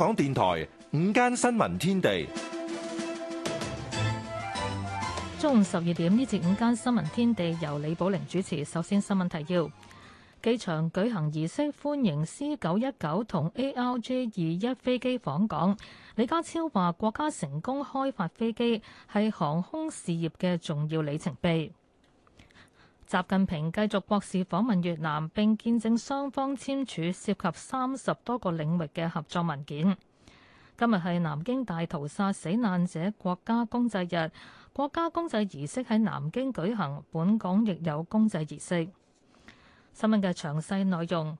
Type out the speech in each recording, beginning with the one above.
港電台午間新聞天地，中午十二點，呢節午間新聞天地由李寶玲主持。首先新聞提要：機場舉行儀式歡迎 C 九一九同 ARJ 二一飛機訪港。李家超話國家成功開發飛機係航空事業嘅重要里程碑。習近平繼續國事訪問越南，並見證雙方簽署涉及三十多個領域嘅合作文件。今日係南京大屠殺死難者國家公祭日，國家公祭儀式喺南京舉行，本港亦有公祭儀式。新聞嘅詳細內容。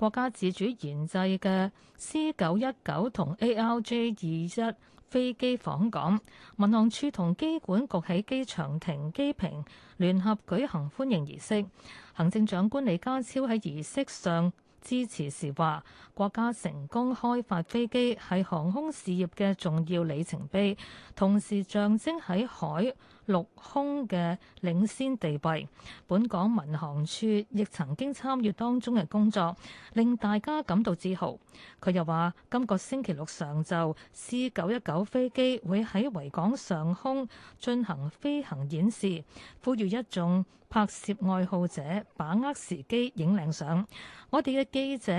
國家自主研製嘅 C 九一九同 ARJ 二一飛機訪港，民航處同機管局喺機場停機坪聯合舉行歡迎儀式。行政長官李家超喺儀式上。支持時話，國家成功開發飛機係航空事業嘅重要里程碑，同時象徵喺海陸空嘅領先地位。本港民航處亦曾經參與當中嘅工作，令大家感到自豪。佢又話，今個星期六上晝，C 九一九飛機會喺維港上空進行飛行演示，呼籲一眾拍攝愛好者把握時機影靚相。我哋嘅記者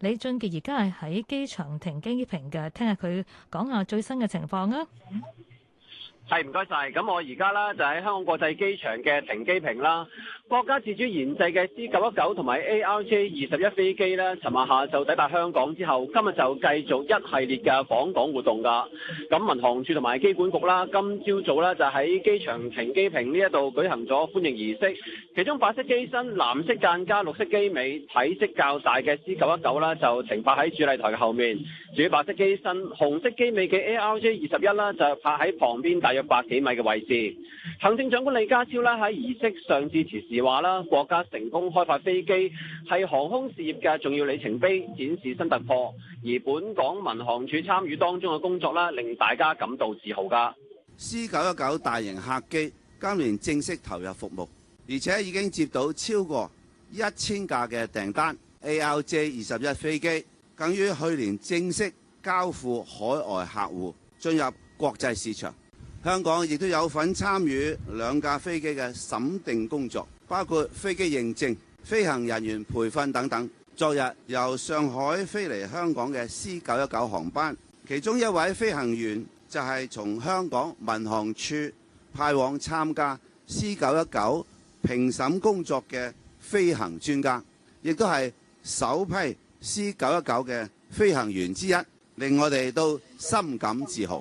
李俊傑而家係喺機場停機坪嘅，聽下佢講下最新嘅情況啊！係唔該晒。咁我而家呢，就喺香港國際機場嘅停機坪啦。國家自主研製嘅 C 九一九同埋 A R J 二十一飛機呢，尋日下晝抵達香港之後，今日就繼續一系列嘅訪港活動㗎。咁民航處同埋機管局啦，今朝早呢，就喺機場停機坪呢一度舉行咗歡迎儀式。其中白色機身、藍色間加綠色機尾、體積較大嘅 C 九一九啦，就停泊喺主禮台嘅後面；至於白色機身、紅色機尾嘅 A R J 二十一啦，就泊喺旁邊，大約百幾米嘅位置，行政長官李家超咧喺儀式上致辭時話啦：國家成功開發飛機係航空事業嘅重要里程碑，展示新突破。而本港民航處參與當中嘅工作咧，令大家感到自豪。噶 C 九一九大型客機今年正式投入服務，而且已經接到超過一千架嘅訂單。A L J 二十一飛機更於去年正式交付海外客戶，進入國際市場。香港亦都有份參與兩架飛機嘅審定工作，包括飛機認證、飛行人員培訓等等。昨日由上海飛嚟香港嘅 C 九一九航班，其中一位飛行員就係從香港民航處派往參加 C 九一九評審工作嘅飛行專家，亦都係首批 C 九一九嘅飛行員之一，令我哋都深感自豪。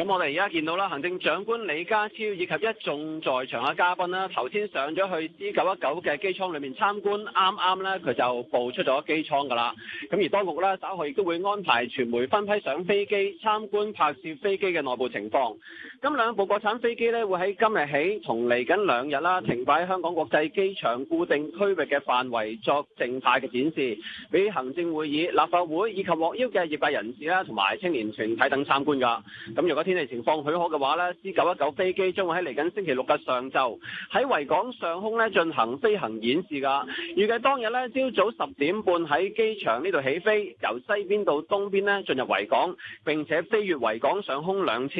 咁我哋而家見到啦，行政長官李家超以及一眾在場嘅嘉賓啦、啊，頭先上咗去 C 九一九嘅機艙裏面參觀，啱啱咧佢就步出咗機艙噶啦。咁而當局咧稍後亦都會安排傳媒分批上飛機參觀拍攝飛機嘅內部情況。咁兩部國產飛機咧會喺今日起同嚟緊兩日啦，停擺香港國際機場固定區域嘅範圍作靜態嘅展示，俾行政會議立法會以及獲邀嘅業界人士啦、啊，同埋青年團體等參觀㗎。咁如果，天氣情況許可嘅話呢，C919 飛機將會喺嚟緊星期六嘅上晝喺維港上空呢進行飛行演示噶。預計當日呢，朝早十點半喺機場呢度起飛，由西邊到東邊呢進入維港，並且飛越維港上空兩次。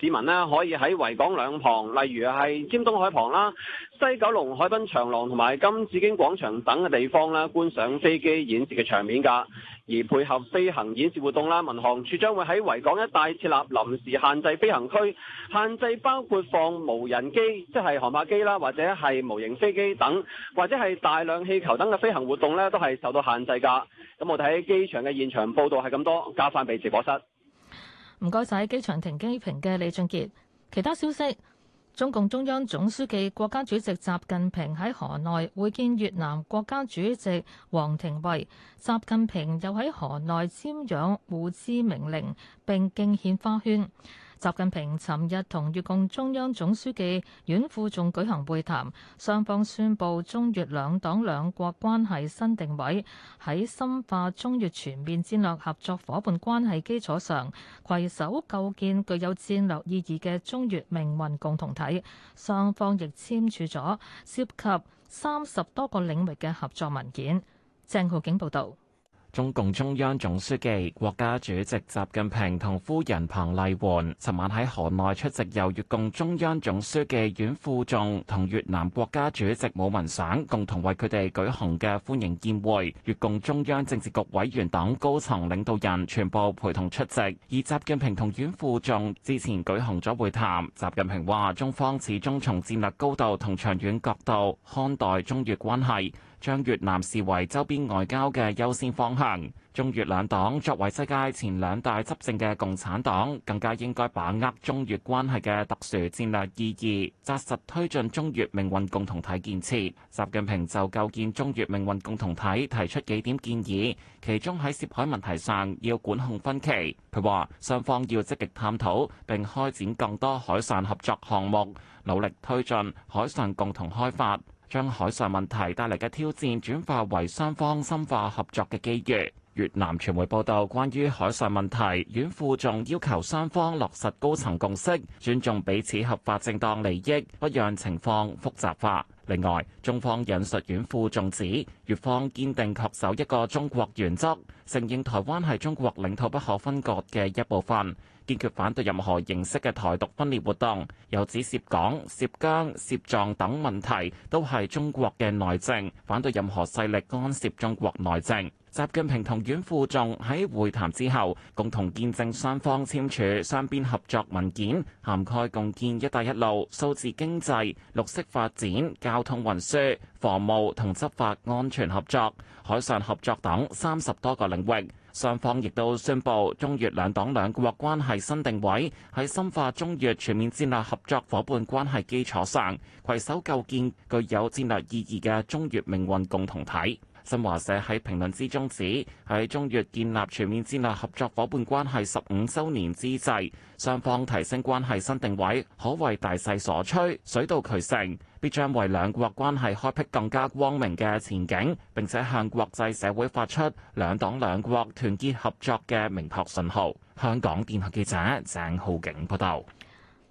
市民呢可以喺維港兩旁，例如係尖東海旁啦、西九龍海濱長廊同埋金紫荊廣場等嘅地方啦，觀賞飛機演示嘅場面噶。而配合飛行演示活動啦，民航處將會喺維港一帶設立臨時限制飛行區，限制包括放無人機，即係航拍機啦，或者係模型飛機等，或者係大量氣球等嘅飛行活動咧，都係受到限制噶，咁我哋喺機場嘅現場報道係咁多，加翻俾直播室，唔該晒機場停機坪嘅李俊杰。其他消息。中共中央總書記、國家主席習近平喺河內會見越南國家主席黃廷衛，習近平又喺河內瞻仰胡志明陵並敬獻花圈。習近平尋日同越共中央總書記阮富仲舉行會談，雙方宣布中越兩黨兩國關係新定位，喺深化中越全面戰略合作伙伴關係基礎上，攜手構建具有戰略意義嘅中越命運共同體。雙方亦簽署咗涉及三十多個領域嘅合作文件。鄭浩景報道。中共中央總書記、國家主席習近平同夫人彭麗媛，尋晚喺河內出席由越共中央總書記阮富仲同越南國家主席武文省共同為佢哋舉行嘅歡迎宴會，越共中央政治局委員等高層領導人全部陪同出席。而習近平同阮富仲之前舉行咗會談，習近平話中方始終從戰略高度同長遠角度看待中越關係。將越南視為周邊外交嘅優先方向。中越兩黨作為世界前兩大執政嘅共產黨，更加應該把握中越關係嘅特殊戰略意義，紮實推進中越命運共同體建設。習近平就構建中越命運共同體提出幾點建議，其中喺涉海問題上要管控分歧。佢話雙方要積極探討並開展更多海上合作項目，努力推進海上共同開發。將海上問題帶嚟嘅挑戰轉化為雙方深化合作嘅機遇。越南傳媒報道，關於海上問題，阮富仲要求雙方落實高層共識，尊重彼此合法正當利益，不讓情況複雜化。另外，中方引述阮富仲指，越方堅定恪守一個中國原則，承認台灣係中國領土不可分割嘅一部分。堅決反對任何形式嘅台獨分裂活動，又指涉港、涉疆、涉藏等問題都係中國嘅內政，反對任何勢力干涉中國內政。習近平同阮富仲喺會談之後共同見證雙方簽署雙邊合作文件，涵蓋共建「一帶一路」、數字經濟、綠色發展、交通運輸、防務同執法安全合作、海上合作等三十多個領域。雙方亦都宣布中越兩黨兩國關係新定位，喺深化中越全面戰略合作伙伴關係基礎上，攜手構建具有戰略意義嘅中越命運共同體。新華社喺評論之中指，喺中越建立全面戰略合作伙伴關係十五週年之際，雙方提升關係新定位，可謂大勢所趨，水到渠成。必將為兩國關係開闢更加光明嘅前景，並且向國際社會發出兩黨兩國團結合作嘅明確信號。香港電台記者鄭浩景報道。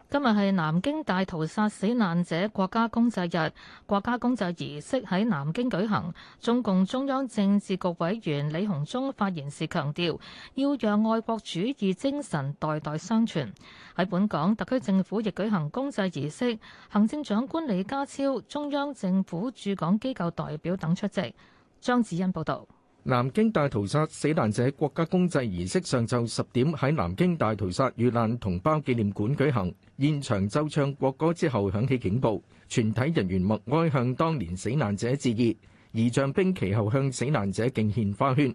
今日係南京大屠殺死難者國家公祭日，國家公祭儀式喺南京舉行。中共中央政治局委員李鴻忠發言時強調，要讓愛國主義精神代代相傳。喺本港，特區政府亦舉行公祭儀式，行政長官李家超、中央政府駐港機構代表等出席。張子欣報導。南京大屠殺死難者國家公祭儀式上晝十點喺南京大屠殺遇難同胞紀念館舉行，現場奏唱國歌之後響起警報，全體人員默哀向當年死難者致意，儀仗兵其後向死難者敬獻花圈。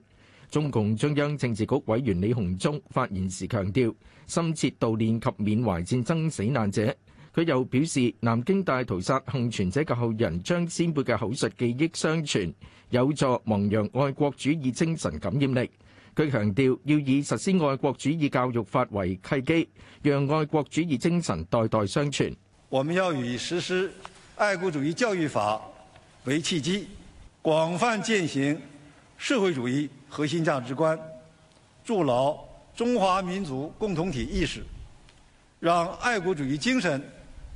中共中央政治局委員李鴻忠發言時強調，深切悼念及緬懷戰爭死難者。佢又表示，南京大屠殺幸存者嘅後人將先輩嘅口述記憶相傳，有助弘揚愛國主義精神感染力。佢強調，要以實施愛國主義教育法為契機，讓愛國主義精神代代相傳。我們要以實施愛國主義教育法為契機，廣泛踐行社會主義核心價值觀，築牢中華民族共同體意識，讓愛國主義精神，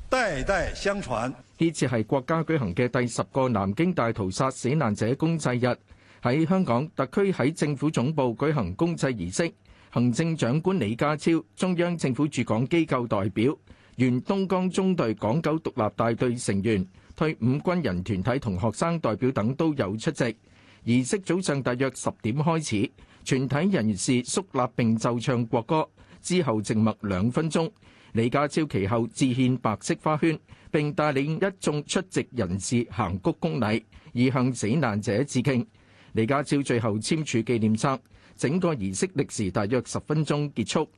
代代相傳。呢次係國家舉行嘅第十個南京大屠殺死難者公祭日，喺香港特區喺政府總部舉行公祭儀式。行政長官李家超、中央政府駐港機構代表、原東江中隊港九獨立大隊成員、退伍軍人團體同學生代表等都有出席。儀式早上大約十點開始，全體人士肅立並奏唱國歌，之後靜默兩分鐘。李家超其後致獻白色花圈，並帶領一眾出席人士行鞠躬禮，以向死難者致敬。李家超最後簽署紀念冊，整個儀式歷時大約十分鐘結束。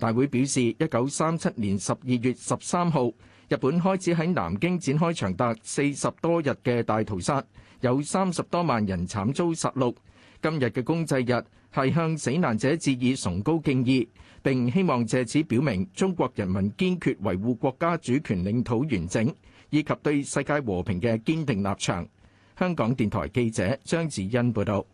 大會表示，一九三七年十二月十三號，日本開始喺南京展開長達四十多日嘅大屠殺，有三十多萬人慘遭殺戮。今日嘅公祭日，係向死難者致以崇高敬意。並希望借此表明中國人民堅決維護國家主權領土完整，以及對世界和平嘅堅定立場。香港電台記者張子欣報道。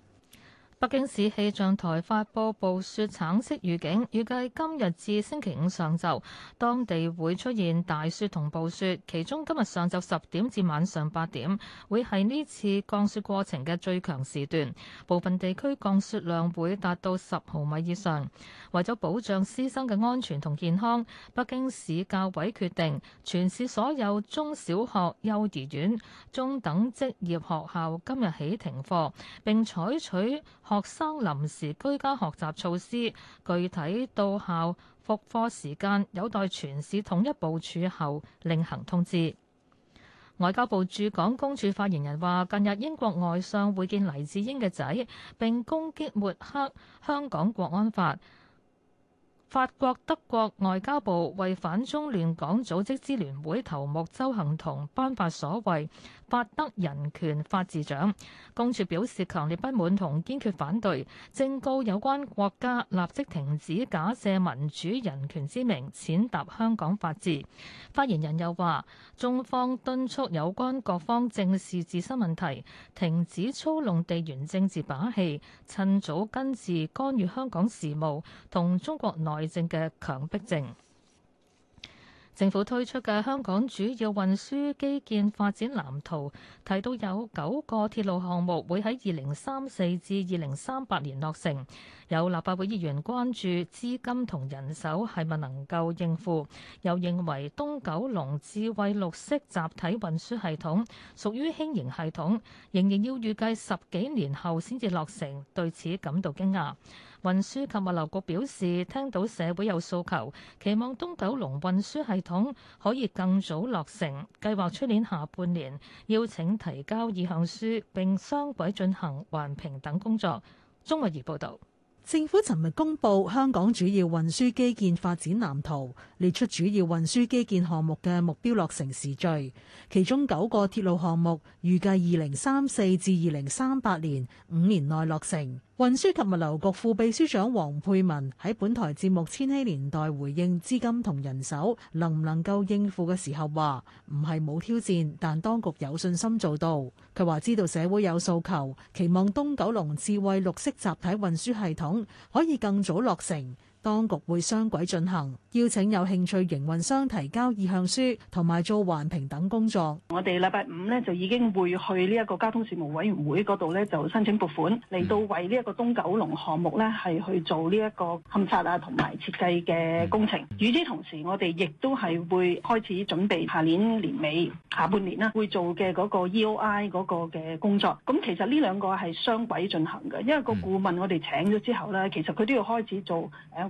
北京市氣象台發佈暴雪橙色預警，預計今日至星期五上晝當地會出現大雪同暴雪，其中今日上晝十點至晚上八點會係呢次降雪過程嘅最強時段，部分地區降雪量會達到十毫米以上。為咗保障師生嘅安全同健康，北京市教委決定全市所有中小學幼兒園中等職業學校今日起停課，並採取學生臨時居家學習措施，具體到校復課時間有待全市統一部署後另行通知。外交部駐港公署發言人話：近日英國外相會見黎智英嘅仔，並攻擊抹黑香港國安法。法國德國外交部為反中亂港組織支聯會頭目鄒幸彤頒發所謂法德人權法治獎，公署表示強烈不滿同堅決反對，正告有關國家立即停止假借民主人權之名踐踏香港法治。發言人又話：中方敦促有關各方正視自身問題，停止操弄地緣政治把戲，趁早根治干預香港事務同中國內。疫症嘅強迫症，政府推出嘅香港主要運輸基建發展藍圖提到有九個鐵路項目會喺二零三四至二零三八年落成，有立法會議員關注資金同人手係咪能夠應付，又認為東九龍智慧綠色集體運輸系統屬於輕型系統，仍然要預計十幾年後先至落成，對此感到驚訝。運輸及物流局表示，聽到社會有訴求，期望東九龍運輸系統可以更早落成，計劃出年下半年邀請提交意向書，並雙軌進行環評等工作。鐘慧儀報道，政府尋日公布香港主要運輸基建發展藍圖，列出主要運輸基建項目嘅目標落成時序，其中九個鐵路項目預計二零三四至二零三八年五年內落成。運輸及物流局副秘書長黃佩文喺本台節目《千禧年代》回應資金同人手能唔能夠應付嘅時候話，唔係冇挑戰，但當局有信心做到。佢話知道社會有訴求，期望東九龍智慧綠色集體運輸系統可以更早落成。當局會雙軌進行，邀請有興趣營運商提交意向書同埋做環評等工作。我哋禮拜五呢，就已經會去呢一個交通事務委員會嗰度呢，就申請撥款嚟到為呢一個東九龍項目呢，係去做呢一個勘察啊同埋設計嘅工程。與之同時，我哋亦都係會開始準備下年年尾下半年啦，會做嘅嗰個 EOI 嗰個嘅工作。咁其實呢兩個係雙軌進行嘅，因為個顧問我哋請咗之後呢，其實佢都要開始做誒。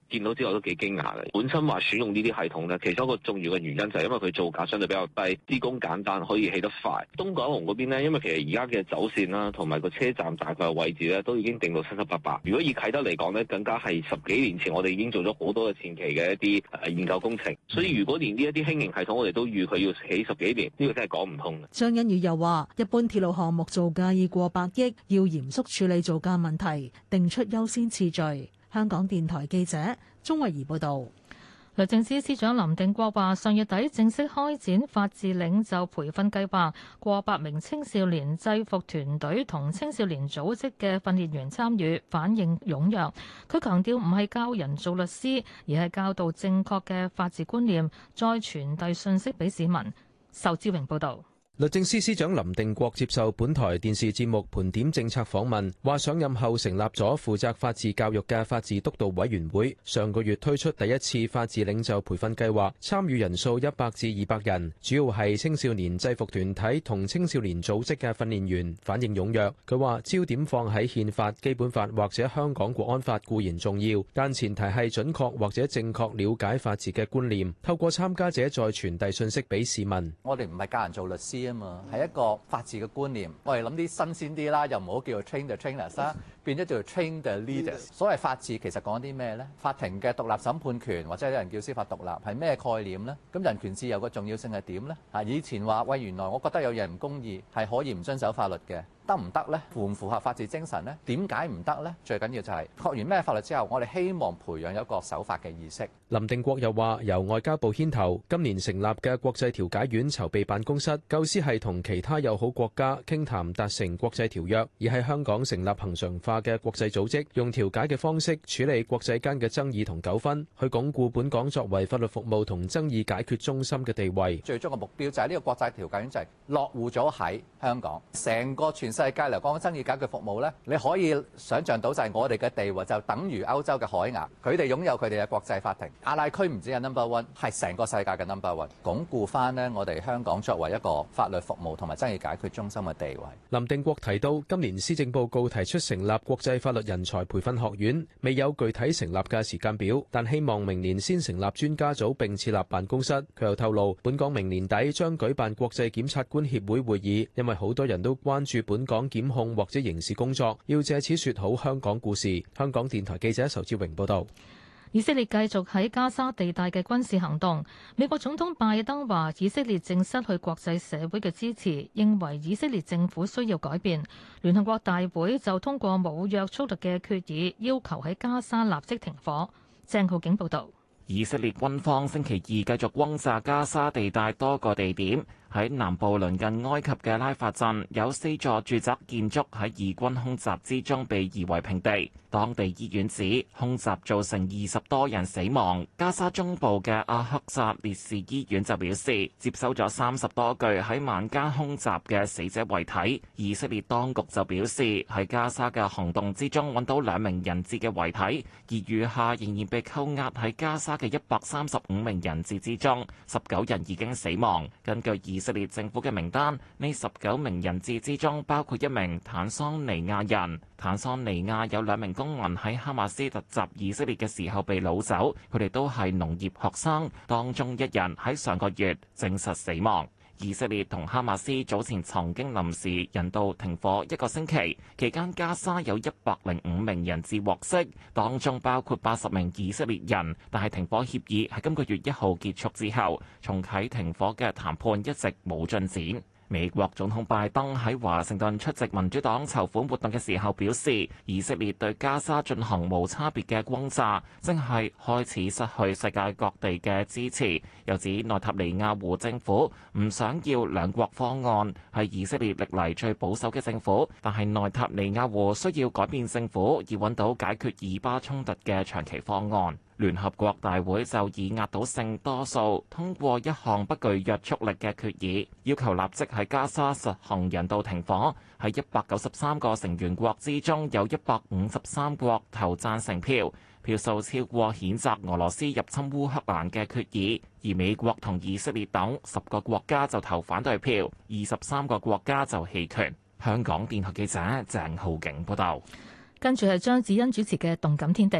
見到之後都幾驚訝嘅。本身話選用呢啲系統咧，其中一個重要嘅原因就係因為佢造價相對比較低，施工簡單，可以起得快。東港紅嗰邊咧，因為其實而家嘅走線啦，同埋個車站大概位置咧，都已經定到七七八八。如果以啟德嚟講呢，更加係十幾年前我哋已經做咗好多嘅前期嘅一啲研究工程。所以如果連呢一啲輕型系統，我哋都預佢要起十幾年，呢、這個真係講唔通。張欣宇又話，一般鐵路項目造價已過百億，要嚴肅處理造價問題，定出優先次序。香港電台記者鍾慧怡報道，律政司司長林定國話：上月底正式開展法治領袖培訓計劃，過百名青少年制服團隊同青少年組織嘅訓練員參與，反應踴躍。佢強調唔係教人做律師，而係教導正確嘅法治觀念，再傳遞信息俾市民。仇志榮報道。律政司司長林定國接受本台電視節目盤點政策訪問，話上任後成立咗負責法治教育嘅法治督導委員會，上個月推出第一次法治領袖培訓計劃，參與人數一百至二百人，主要係青少年制服團體同青少年組織嘅訓練員，反應踊躍。佢話焦點放喺憲法、基本法或者香港國安法固然重要，但前提係準確或者正確了解法治嘅觀念，透過參加者再傳遞信息俾市民。我哋唔係教人做律師。啊，係一個法治嘅觀念。我哋諗啲新鮮啲啦，又唔好叫做 train the trainers 變咗叫做 train the leaders。所謂法治其實講啲咩呢？法庭嘅獨立審判權，或者有人叫司法獨立，係咩概念呢？咁人權自由嘅重要性係點呢？啊，以前話喂，原來我覺得有人唔公義係可以唔遵守法律嘅，得唔得呢？符唔符合法治精神呢？點解唔得呢？最緊要就係學完咩法律之後，我哋希望培養一個守法嘅意識。林定國又話：由外交部牽頭，今年成立嘅國際調解院籌備辦公室，構思係同其他友好國家傾談達成國際條約，而喺香港成立恒常法嘅國際組織用調解嘅方式處理國際間嘅爭議同糾紛，去鞏固本港作為法律服務同爭議解決中心嘅地位。最終嘅目標就係呢個國際調解院就係落戶咗喺香港，成個全世界嚟講爭議解決服務呢，你可以想像到就係我哋嘅地位就等於歐洲嘅海牙，佢哋擁有佢哋嘅國際法庭。亞拉區唔止係 number one，係成個世界嘅 number one，鞏固翻呢，我哋香港作為一個法律服務同埋爭議解決中心嘅地位。林定國提到，今年施政報告提出成立。國際法律人才培訓學院未有具體成立嘅時間表，但希望明年先成立專家組並設立辦公室。佢又透露，本港明年底將舉辦國際檢察官協會會議，因為好多人都關注本港檢控或者刑事工作，要借此說好香港故事。香港電台記者仇志榮報道。以色列繼續喺加沙地帶嘅軍事行動。美國總統拜登話：以色列正失去國際社會嘅支持，認為以色列政府需要改變。聯合國大會就通過冇約束力嘅決議，要求喺加沙立即停火。鄭浩景報道，以色列軍方星期二繼續轟炸加沙地帶多個地點。喺南部鄰近埃及嘅拉法鎮，有四座住宅建築喺以軍空襲之中被夷為平地。當地醫院指空襲造成二十多人死亡。加沙中部嘅阿克薩烈士醫院就表示，接收咗三十多具喺晚間空襲嘅死者遺體。以色列當局就表示，喺加沙嘅行動之中揾到兩名人質嘅遺體，而餘下仍然被扣押喺加沙嘅一百三十五名人質之中，十九人已經死亡。根據以以色列政府嘅名單，呢十九名人質之中包括一名坦桑尼亞人。坦桑尼亞有兩名公民喺哈馬斯突襲以色列嘅時候被擄走，佢哋都係農業學生，當中一人喺上個月證實死亡。以色列同哈馬斯早前曾經臨時人道停火一個星期，期間加沙有一百零五名人質獲釋，當中包括八十名以色列人。但係停火協議喺今個月一號結束之後，重啟停火嘅談判一直冇進展。美國總統拜登喺華盛頓出席民主黨籌款活動嘅時候表示，以色列對加沙進行無差別嘅轟炸，正係開始失去世界各地嘅支持。又指內塔尼亞胡政府唔想要兩國方案，係以色列歷嚟最保守嘅政府，但係內塔尼亞胡需要改變政府，以揾到解決以巴衝突嘅長期方案。聯合國大會就以壓倒性多數通過一項不具約束力嘅決議要求立即喺加沙實行人道停火。喺一百九十三個成員國之中，有一百五十三國投讚成票，票數超過譴責俄羅斯入侵烏克蘭嘅決議，而美國同以色列等十個國家就投反對票，二十三個國家就棄權。香港電台記者鄭浩景報道。跟住係張子欣主持嘅《動感天地》。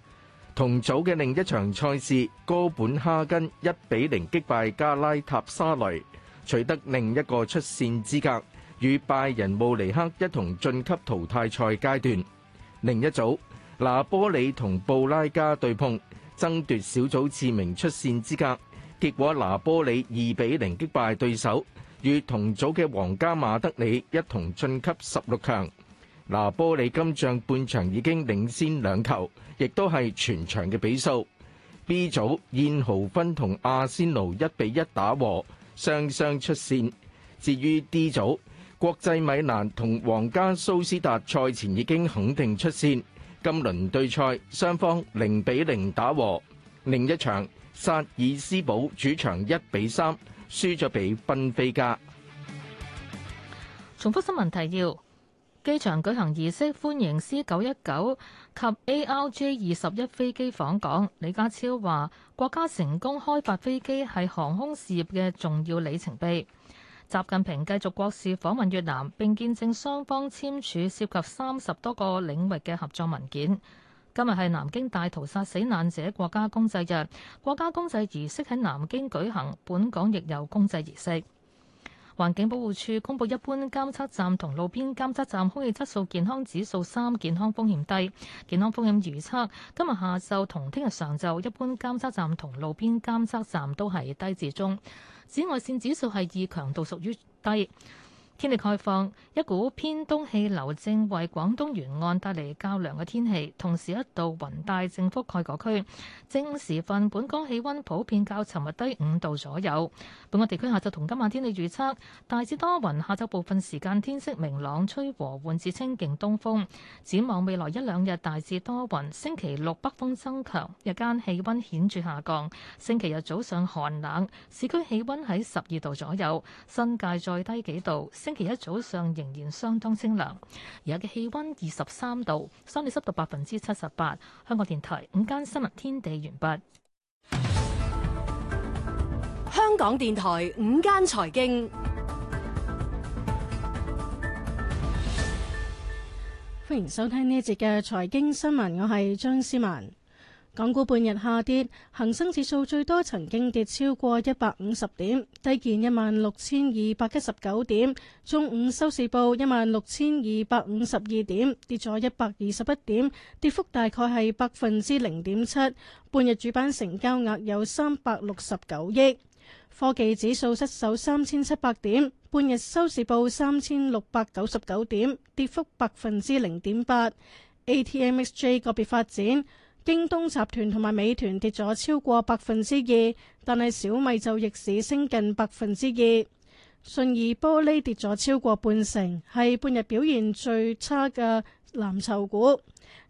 同組嘅另一場賽事，哥本哈根一比零擊敗加拉塔沙雷，取得另一個出線資格，與拜仁慕尼黑一同晉級淘汰賽階段。另一組，拿波里同布拉加對碰，爭奪小組次名出線資格，結果拿波里二比零擊敗對手，與同組嘅皇家馬德里一同晉級十六強。拿波里今仗半場已經領先兩球，亦都係全場嘅比數。B 組，燕豪芬同阿仙奴一比一打和，雙雙出線。至於 D 組，國際米蘭同皇家蘇斯達賽前已經肯定出線。今輪對賽雙方零比零打和。另一場，薩爾斯堡主場一比三輸咗俾賓菲加。重複新聞提要。機場舉行儀式歡迎 C 九一九及 ARJ 二十一飛機訪港。李家超話：國家成功開發飛機係航空事業嘅重要里程碑。習近平繼續國事訪問越南，並見證雙方簽署涉及三十多個領域嘅合作文件。今日係南京大屠殺死難者國家公祭日，國家公祭儀式喺南京舉行，本港亦有公祭儀式。環境保護署公布一般監測站同路邊監測站空氣質素健康指數三，健康風險低。健康風險預測今日下晝同聽日上晝一般監測站同路邊監測站都係低至中，紫外線指數係二，強度屬於低。天氣概況，一股偏東氣流正為廣東沿岸帶嚟較涼嘅天氣，同時一道雲帶正覆蓋各區。正午時分，本港氣温普遍較尋日低五度左右。本港地區下晝同今晚天氣預測：大致多雲，下晝部分時間天色明朗，吹和緩至清勁東風。展望未來一兩日大致多雲，星期六北風增強，日間氣温顯著下降。星期日早上寒冷，市區氣温喺十二度左右，新界再低幾度。星期一早上仍然相當清涼，而家嘅氣溫二十三度，相對濕度百分之七十八。香港電台午間新聞天地完畢。香港電台午間財經，歡迎收聽呢一節嘅財經新聞，我係張思文。港股半日下跌，恒生指數最多曾經跌超過一百五十點，低見一萬六千二百一十九點。中午收市報一萬六千二百五十二點，跌咗一百二十一點，跌幅大概係百分之零點七。半日主板成交額有三百六十九億。科技指數失守三千七百點，半日收市報三千六百九十九點，跌幅百分之零點八。A T M X J 個別發展。京東集團同埋美團跌咗超過百分之二，但係小米就逆市升近百分之二。信義玻璃跌咗超過半成，係半日表現最差嘅藍籌股。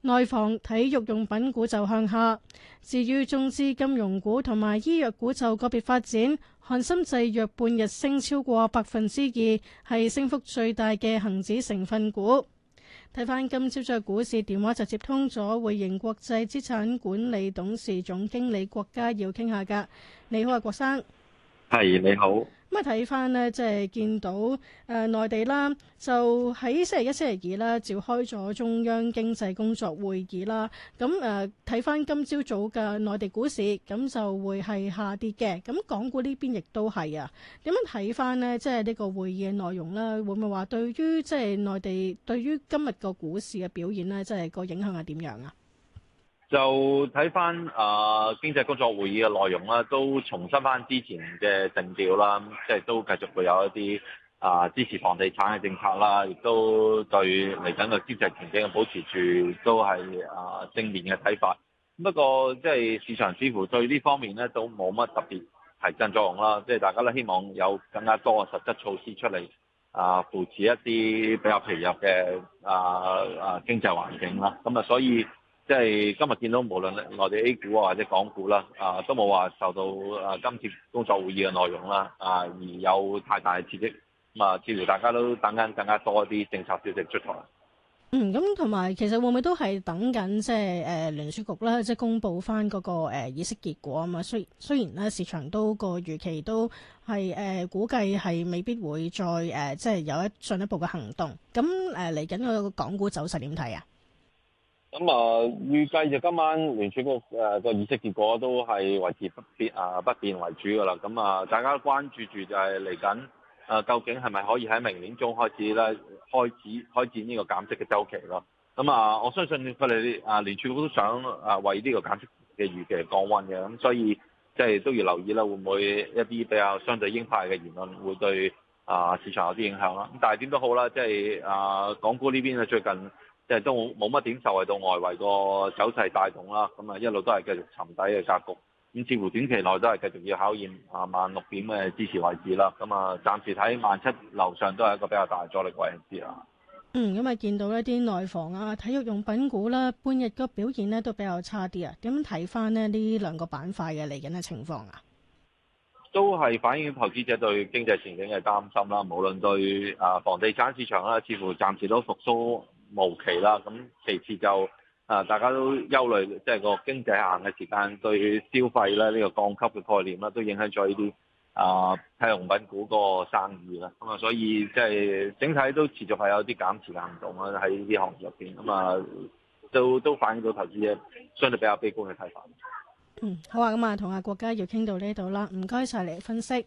內房、體育用品股就向下。至於中資金融股同埋醫藥股就個別發展，翰森製藥半日升超過百分之二，係升幅最大嘅恒指成分股。睇翻今朝早嘅股市，電話就接通咗匯盈國際資產管理董事總經理郭家耀傾下㗎，你好啊郭生，係你好。咁睇翻呢？即係見到誒、呃、內地啦，就喺星期一、星期二啦，召開咗中央經濟工作會議啦。咁誒睇翻今朝早嘅內地股市，咁就會係下跌嘅。咁港股呢邊亦都係啊。點樣睇翻呢？即係呢個會議嘅內容啦，會唔會話對於即係內地對於今日個股市嘅表現呢？即係個影響係點樣啊？就睇翻啊，經濟工作會議嘅內容啦，都重申翻之前嘅定調啦，即係都繼續會有一啲啊支持房地產嘅政策啦，亦都對嚟緊嘅經濟前景嘅保持住都係啊正面嘅睇法。不過即係市場似乎對呢方面咧都冇乜特別提振作用啦，即係大家都希望有更加多嘅實質措施出嚟啊，扶持一啲比較疲弱嘅啊啊經濟環境啦。咁啊，所以即係今日見到，無論內地 A 股啊，或者港股啦，啊都冇話受到啊今次工作會議嘅內容啦，啊而有太大刺激咁啊，自然大家都等緊更加多啲政策消息出台。嗯，咁同埋其實會唔會都係等緊即係誒聯儲局啦，即係公布翻嗰、那個誒議息結果啊嘛？雖雖然咧，市場都個預期都係誒、呃、估計係未必會再誒、呃、即係有一進一步嘅行動。咁誒嚟緊嗰個港股走勢點睇啊？咁啊、嗯，預計就今晚聯儲局誒個議息結果都係維持不變啊，不變為主噶啦。咁、嗯、啊，大家關注住就係嚟緊啊，究竟係咪可以喺明年中開始咧開始開展呢個減息嘅周期咯？咁、嗯、啊，我相信佢哋啊聯儲局都想啊為呢個減息嘅預期降溫嘅。咁、嗯、所以即係、就是、都要留意啦，會唔會一啲比較相對鷹派嘅言論會對啊市場有啲影響啦？咁但係點都好啦，即、就、係、是、啊港股呢邊啊最近。即係都冇乜點受惠到外圍個走勢帶動啦。咁啊一路都係繼續沉底嘅格局。咁似乎短期內都係繼續要考驗啊萬六點嘅支持位置啦。咁啊，暫時睇萬七樓上都係一個比較大阻力位嚟嘅，嗯。嗯，咁啊見到一啲內房啊、體育用品股啦、啊，半日個表現咧都比較差啲啊。點睇翻咧呢兩個板塊嘅嚟緊嘅情況啊？都係反映投資者對經濟前景嘅擔心啦。無論對啊房地產市場啦、啊，似乎暫時都復甦無期啦，咁其次就啊、呃，大家都憂慮，即、就、係、是、個經濟下行嘅時間對消費啦，呢、這個降級嘅概念啦，都影響咗呢啲啊，製、呃、用品股個生意啦，咁啊，所以即係整體都持續係有啲減持嘅行動啦，喺呢啲行業入邊，咁啊，都都反映到投資者相對比較悲觀嘅睇法。嗯，好啊，咁啊，同阿國家要傾到呢度啦，唔該晒你分析。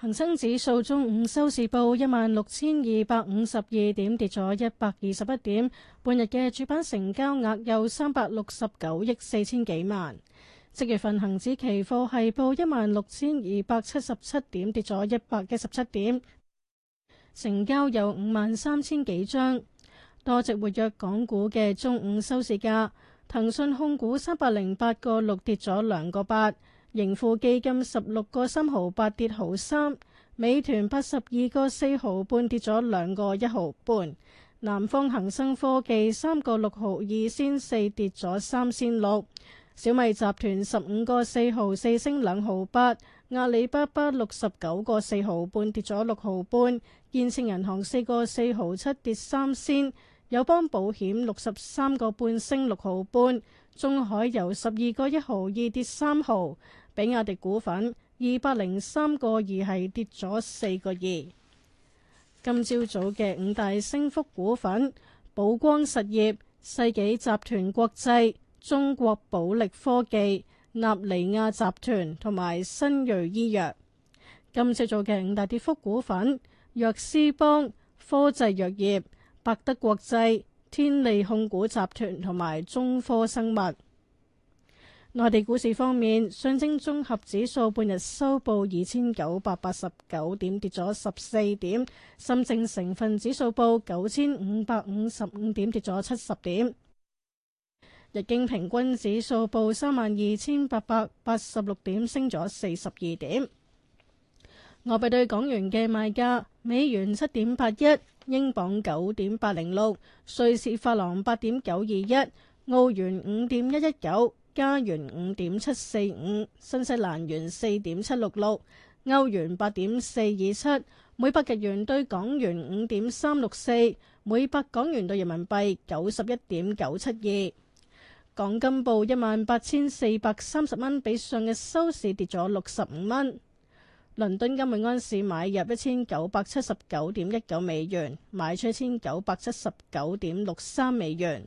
恒生指數中午收市報一萬六千二百五十二點，跌咗一百二十一點。半日嘅主板成交額有三百六十九億四千幾萬。即月份恒指期貨係報一萬六千二百七十七點，跌咗一百一十七點，成交有五萬三千幾張。多隻活躍港股嘅中午收市價，騰訊控股三百零八個六跌咗兩個八。盈富基金十六個三毫八跌毫三，美團八十二個四毫半跌咗兩個一毫半，南方恒生科技三個六毫二先四跌咗三先六，小米集團十五個四毫四升兩毫八，阿里巴巴六十九個四毫半跌咗六毫半，建設銀行四個四毫七跌三先，友邦保險六十三個半升六毫半，中海油十二個一毫二跌三毫。比亞迪股份二百零三個二係跌咗四個二。今朝早嘅五大升幅股份：寶光實業、世紀集團國際、中國寶力科技、納尼亞集團同埋新銳醫藥。今朝早嘅五大跌幅股份：藥師幫、科濟藥業、百德國際、天利控股集團同埋中科生物。內地股市方面，上證綜合指數半日收報二千九百八十九點，跌咗十四點；深證成分指數報九千五百五十五點，跌咗七十點；日經平均指數報三萬二千八百八十六點，升咗四十二點。外幣對港元嘅賣價：美元七點八一，英鎊九點八零六，瑞士法郎八點九二一，澳元五點一一九。加元五點七四五，45, 新西蘭元四點七六六，歐元八點四二七，每百日元兌港元五點三六四，每百港元兌人民幣九十一點九七二。港金報一萬八千四百三十蚊，比上日收市跌咗六十五蚊。倫敦金每安士買入一千九百七十九點一九美元，賣出一千九百七十九點六三美元。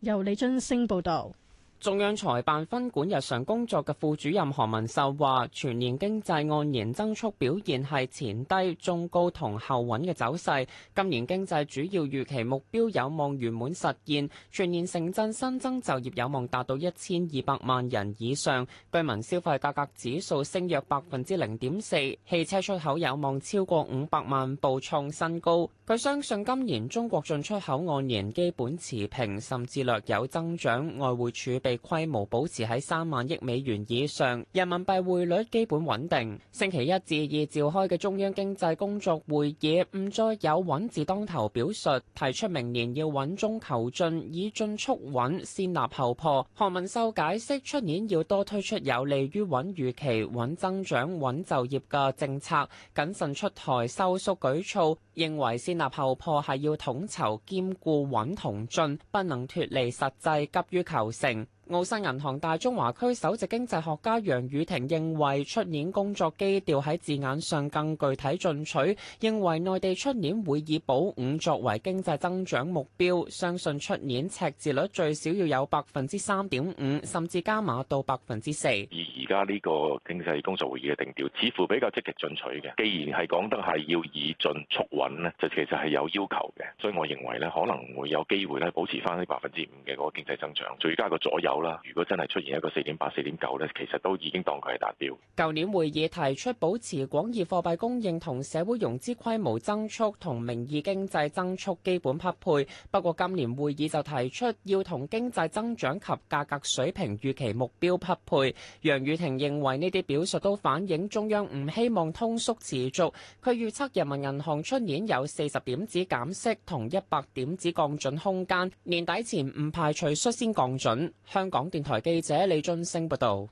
由李津星報道。中央財辦分管日常工作嘅副主任何文秀話：全年經濟按年增速表現係前低中高同後穩嘅走勢。今年經濟主要預期目標有望圓滿實現，全年城鎮新增就業有望達到一千二百萬人以上，居民消費價格指數升約百分之零點四，汽車出口有望超過五百萬部創新高。佢相信今年中國進出口按年基本持平，甚至略有增長，外匯儲備，規模保持喺三萬億美元以上，人民幣匯率基本穩定。星期一至二召開嘅中央經濟工作會議唔再有穩字當頭表述，提出明年要穩中求進，以進促穩，先立後破。韓文秀解釋，出年要多推出有利於穩預期、穩增長、穩就業嘅政策，謹慎出台收縮舉措。認為先立後破係要統籌兼顧穩同進，不能脫離實際，急於求成。澳新銀行大中華區首席經濟學家楊宇婷認為出年工作基調喺字眼上更具體進取，認為內地出年會以保五作為經濟增長目標，相信出年赤字率最少要有百分之三點五，甚至加碼到百分之四。而而家呢個經濟工作會議嘅定調似乎比較積極進取嘅。既然係講得係要以進促穩咧，就其實，係有要求嘅，所以我認為咧可能會有機會咧保持翻呢百分之五嘅嗰個經濟增長，最加個左右。啦，如果真係出現一個四點八、四點九咧，其實都已經當佢係達標。舊年會議提出保持廣義貨幣供應同社會融資規模增速同名義經濟增速基本匹配，不過今年會議就提出要同經濟增長及價格水平預期目標匹配。楊雨婷認為呢啲表述都反映中央唔希望通縮持續。佢預測人民銀行出年有四十點子減息同一百點子降準空間，年底前唔排除率先降準。香香港電台記者李俊升報道。